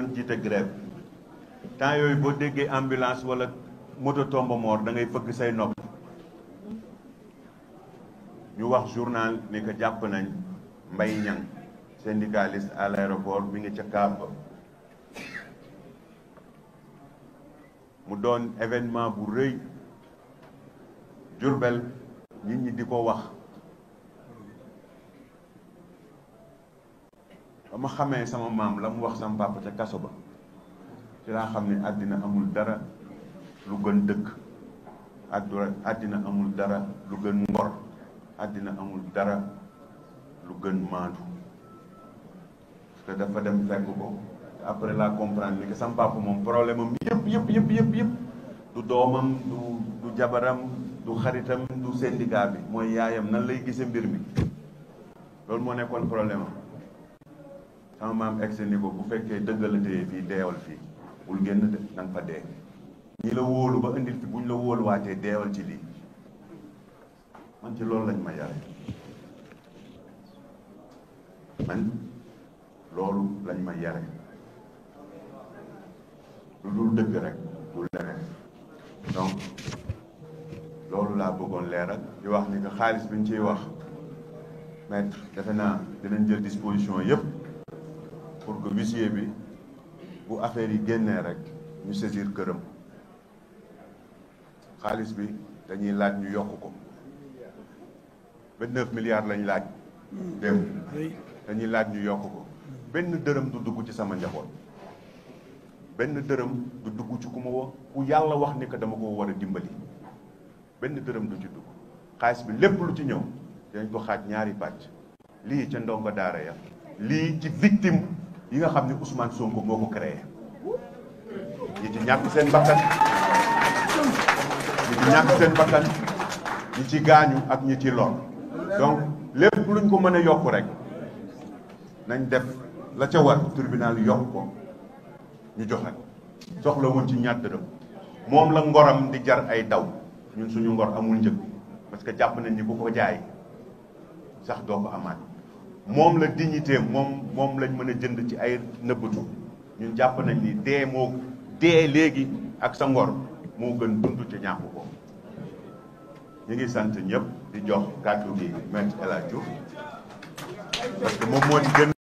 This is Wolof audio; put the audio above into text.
doon jiite grève temps yooyu boo ambulance wala moto tombe mort da ngay fëgg say nopp ñu wax journal ni que jàpp nañ Mbaye Niang syndicaliste à l'aéroport mi ngi ca kaab mu doon événement bu Jurbel nit ñi di wax ba ma xamee sama maam la mu wax sama ca kaso ba ci laa xam ni àddina amul dara lu gën dëkk addu àddina amul dara lu gën ngor àddina amul dara lu gën maandu parce que dafa dem fekk ko après la comprendre ni que sama papa moom problème yëpp yëpp yëpp yëpp yëpp du doomam du du jabaram du xaritam du syndicat bi mooy yaayam nan lay gisee mbir mi loolu moo nekkoon problèmem sama maam egg ni ko bu fekkee dëggalatee fii deewal fii bul génn de na nga fa dee ñi la wóolu ba indil fi buñ la wóoluwaatee deewal ci lii man ci loolu lañ ma yare man loolu lañ ma yare lu dul dëgg rek du leneen donc loolu laa bëggoon leeral di wax ni que xaalis bi ñu ciy wax maître defe naa dinañ jël disposition yépp pour que huissier bi bu affaire yi génnee rek ñu saisir këram xaalis bi dañuy laaj ñu yokk ko vingt neuf lañ laaj dañuy laaj ñu yokk ko benn dërëm du dugg ci sama njaboot benn dërëm du dugg ci ku ma ku yàlla wax ni dama ko war a dimbali benn dërëm du ci dugg xaalis bi lépp lu ci ñëw dañ ko xaaj ñaari pàcc lii ca ndongo daara ya lii ci victime yi nga xam ne Ousmane Sonko moo ko créé ñi ci ñàkk seen bakkan ñi ci ñàkk ci gaañu ak ñi ci lor donc lépp luñ ko mën a yokk rek nañ def la ca war tribunal yokk ko ñu joxe soxla wuñ ci ñaar dërëm moom la ngoram di jar ay daw ñun suñu ngor amul njëg parce que jàpp nañ ni bu ko jaay sax doo ko amaat moom la dignité moom moom lañ mën a jënd ci ay nëbbatu ñun jàpp nañ ni dee moo dee léegi ak sa ngor moo gën dund ci ñàkk ko ñu ngi sant ñëpp di jox kàddu gi maître El Hadj Diouf parce que moom moo gën